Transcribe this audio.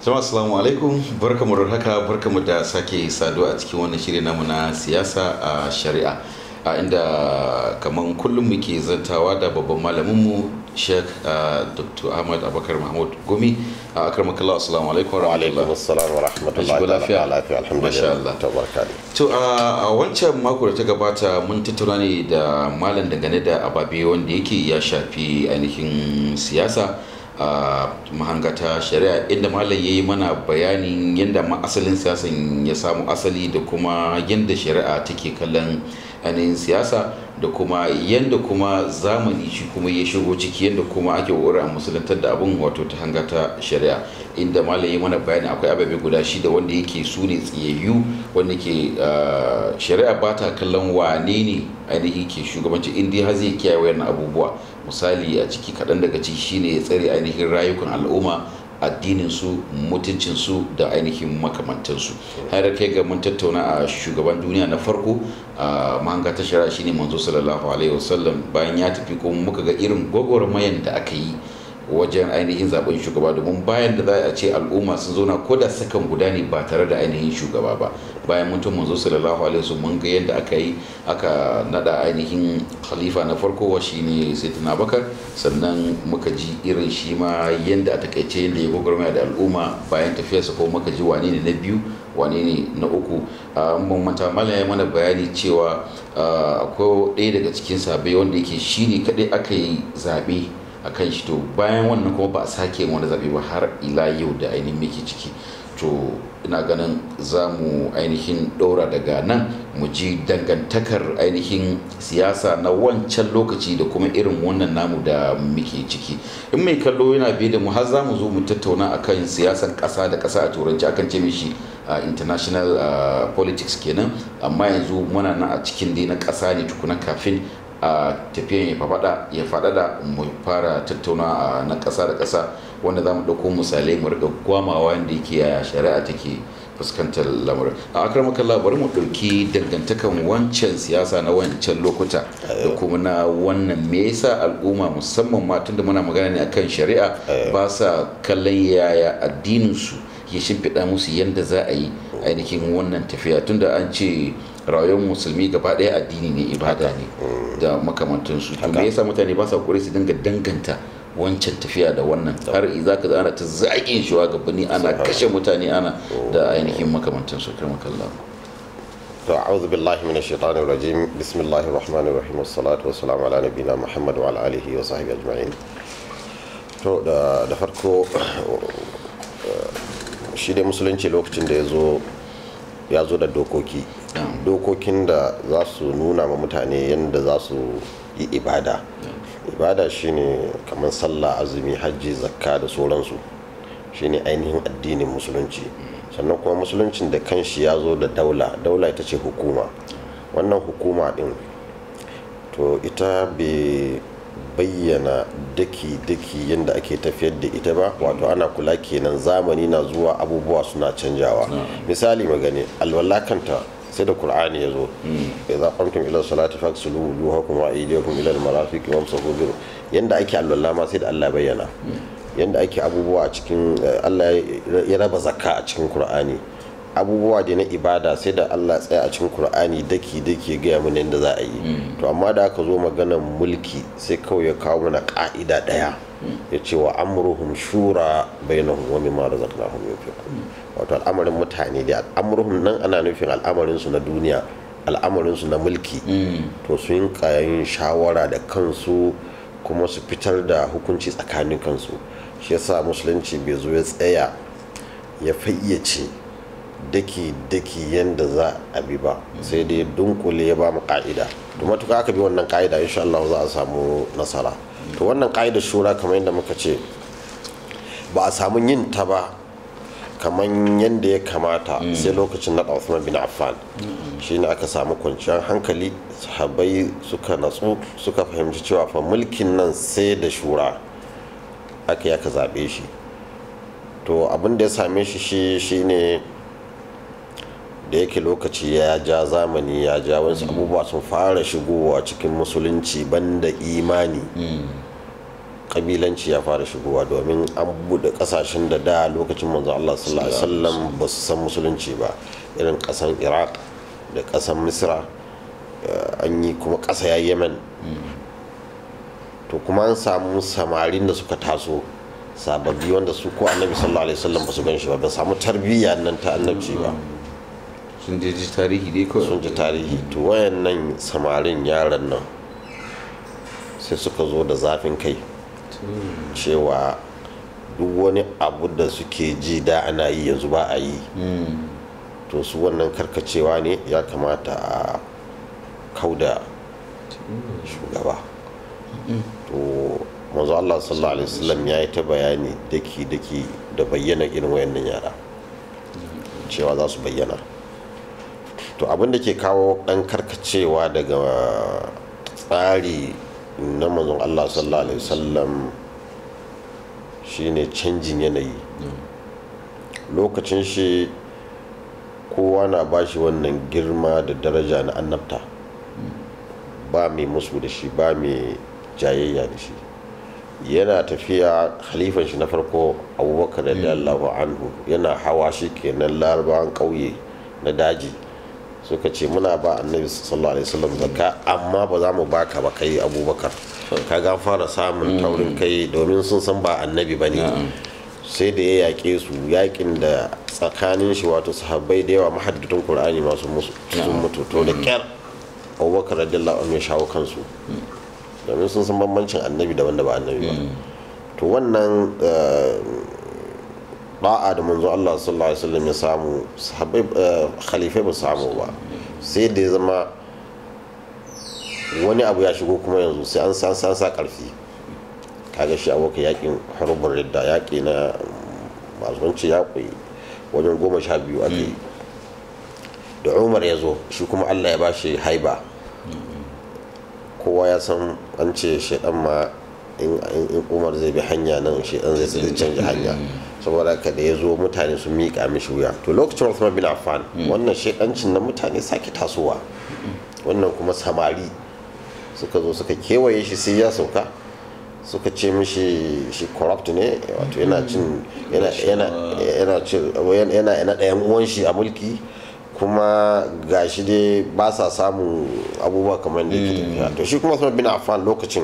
Sama assalamu alaikum barkamu da haka barkamu da sake saduwa a cikin wannan shirin namu na siyasa a shari'a a inda kamar kullum muke zantawa da babban malaminmu Sheikh Dr. Ahmad Abakar Mahmud Gumi a akar makalla assalamu alaikum wa rahmatullahi wa rahmatullahi lafiya lafiya alhamdulillah to a wancan mako da ta gabata mun tattauna ne da malam dangane da ababe wanda yake ya shafi ainihin siyasa a mahangata shari'a inda malam ya yi mana bayanin yadda ma asalin siyasan ya samu asali da kuma yadda shari'a take kallon ainihin siyasa da kuma yadda kuma zamani shi kuma ya shigo ciki yadda kuma ake a musulantar da abin wato ta hangata shari'a inda malam ya yi mana bayani akwai ababe guda shi da wanda yake su ne tsiyayyu wanda ke shari'a ba ta kallon wane ne ainihin ke shugabanci in dai har zai kiyaye wayannan abubuwa misali a ciki kaɗan daga ciki shine ya tsare ainihin rayukan al'umma addininsu mutuncinsu da ainihin makamantansu har kai ga mun tattauna a shugaban duniya na farko a mahanga ta shara shine manzo sallallahu alaihi wasallam bayan ya tafi kuma muka ga irin gwagwarmayan da aka yi wajen ainihin zaben shugaba domin bayan da za a ce al'umma sun zo na ko da sakan guda ne ba tare da ainihin shugaba ba bayan mutum manzo sallallahu alaihi wasallam mun ga yadda aka yi aka nada ainihin khalifa na farko wa shine sayyidina bakar sannan muka ji irin shi ma yadda a takaice yadda ya gwagwarmaya da al'umma bayan tafiyarsa ko muka ji wane ne na biyu wane ne na uku mun manta mala ya mana bayani cewa akwai ɗaya daga cikin sabai wanda yake shine kadai aka yi zaɓe. a kan shi to bayan wannan kuma ba a sake wani zaɓe ba har ila yau da ainihin muke ciki to ina ganin za mu ainihin ɗora daga nan mu ji dangantakar ainihin siyasa na wancan lokaci da kuma irin wannan namu da muke ciki in mai kallo yana biye da mu har za mu zo mu tattauna akan siyasar ƙasa da ƙasa a turanci akan ce mishi a international politics kenan amma yanzu muna nan a cikin dai na ƙasa ne tukuna kafin a tafiyan ya faɗaɗa ya faɗaɗa mu fara tattauna na ƙasa da kasa wanda za mu ɗauko misalai mu riga gwamawa yadda yake a shari'a take fuskantar lamarin a akar makalla bari mu ɗauki dangantakan wancan siyasa na wancan lokuta da kuma na wannan me yasa al'umma musamman ma tunda muna magana ne akan shari'a eh. ba sa kallon yaya addinin su ya shimfiɗa musu yadda za a yi ainihin wannan tafiya tunda an ce rayuwar musulmi gaba ɗaya addini ne ibada ne da makamantun su to me yasa mutane ba sa kokari su dinga danganta wancan tafiya da wannan har za ka ana ta zaƙin shiwa gabani ana kashe mutane ana oh. da ainihin makamantun su to a'udhu billahi minash من الشيطان bismillahir rahmanir rahim wassalatu wassalamu ala والسلام muhammad wa ala alihi wa sahbihi ajma'in to da da farko shi dai musulunci lokacin da ya zo da dokoki dokokin da za su nuna ma mutane yadda za su yi ibada ibada shine kamar sallah azumi hajji zakka da sauransu shine ainihin addinin musulunci sannan kuma musuluncin da kanshi ya zo da daula daula ita ce hukuma wannan hukuma din to ita bai bayyana daki-daki yadda ake tafiyar da ita ba wato ana kula kenan zamani na zuwa abubuwa suna canjawa misali magani alwallakanta kanta sai da qur'ani ya zo hmm. idza qamtum ila salati faghsilu wujuhakum wa aydiyakum ila al-marafiq wamsahu bi yanda ake alwala ma sai da Allah bayyana hmm. yanda ake abubuwa cikin eh, Allah ya raba zakka a cikin qur'ani abubuwa da na ibada sai da Allah tsaya a cikin Kur'ani daki daki gaya mana yadda za a yi mm. to amma da aka zo maganar mulki sai kawai ya kawo mana ka'ida daya mm. ya ce wa amruhum shura bainahum wa mimma razaqnahum yunfiqun mm. wato al'amarin mutane da al'amruhum nan ana nufin al'amarin su na duniya al'amarin su na mulki to sun kayan shawara da kansu kuma su fitar da hukunci tsakanin kansu shi yasa musulunci bai zo ya tsaya ya fayyace daki-daki yadda za a bi ba sai dai dunkule ya ba mu ka'ida da matuka aka bi wannan ka'ida insha Allah za a samu nasara to wannan ka'idar shura kamar yadda muka ce ba a samu yin ta ba kamar yadda ya kamata mm. sai lokacin na Uthman bin Affan shine aka samu kwanciyar hankali sahabai suka natsu suka fahimci cewa fa mulkin nan sai da shura aka yi zaɓe shi to abin da ya same shi shi shine da yake lokaci ya ja zamani ya ja wasu abubuwa sun fara shigowa cikin musulunci banda imani kabilanci ya fara shigowa domin an buɗe kasashen da da lokacin manzo Allah sallallahu alaihi wasallam ba su san musulunci ba irin kasan Iraq da kasan Misra eh, an yi kuma ƙasa ya Yemen to kuma an samu samarin da suka taso sababbi wanda su ko annabi sallallahu alaihi wasallam ba su gan shi ba ba samu tarbiyya nan ta annabci ba sun je ji tarihi dai kawai sun ji tarihi to wayan nan samarin yaran nan sai suka zo da zafin kai cewa duk wani abu da suke ji da ana yi yanzu ba a yi hmm. to su wannan karkacewa ne ya kamata a kauda shugaba to manzo Allah sallallahu alaihi wasallam ya yi ta bayani daki daki da bayyana irin wayannan yara cewa za su bayyana to abin da ke kawo ɗan karkacewa daga tsari na manzon Allah sallallahu alaihi wasallam shine canjin yanayi lokacin shi kowa na bashi wannan girma da daraja na annabta ba mai musu da shi ba mai jayayya da shi yana tafiya halifan shi na farko abubakar da anhu yana hawa shi kenan larabawan ƙauye na daji suka ce muna ba annabi sallallahu alaihi wasallam zakka amma ba za mu baka ba kai abubakar ka ga fara samun hmm. taurin kai domin sun san ba annabi ba ne sai da ya yaƙe su yaƙin da tsakanin shi wato sahabbai da yawa mahaddatun qur'ani masu sun mutu to da kyar hmm. abubakar radiyallahu anhu ya shawo kansu hmm. domin sun san bambancin annabi da wanda ba annabi ba to wannan eh, da'a da manzo Allah sallallahu alaihi wasallam ya samu sahabbai eh, khalifai ba samu ba sai da ya zama wani abu ya shigo kuma yanzu sai an san san sa karfi kaga shi abokan yakin harbin ridda yaki na mazunci ya kuyi wajen goma sha biyu aka da umar ya zo shi kuma allah ya ba shi haiba mm-hmm. kowa ya san an ce shaidan ma in umar zai bi hanya nan shi an zai zai canja hanya saboda ka da ya zo mutane sun miƙa mishi wuya to lokacin Uthman bin Affan wannan shekancin na mutane sake tasowa wannan kuma samari suka zo suka kewaye shi sai ya sauka suka ce mishi shi corrupt ne wato yana cin yana yana ɗayan uwan shi a mulki kuma gashi dai ba sa samun abubuwa kamar da ke to shi kuma Uthman bin Affan lokacin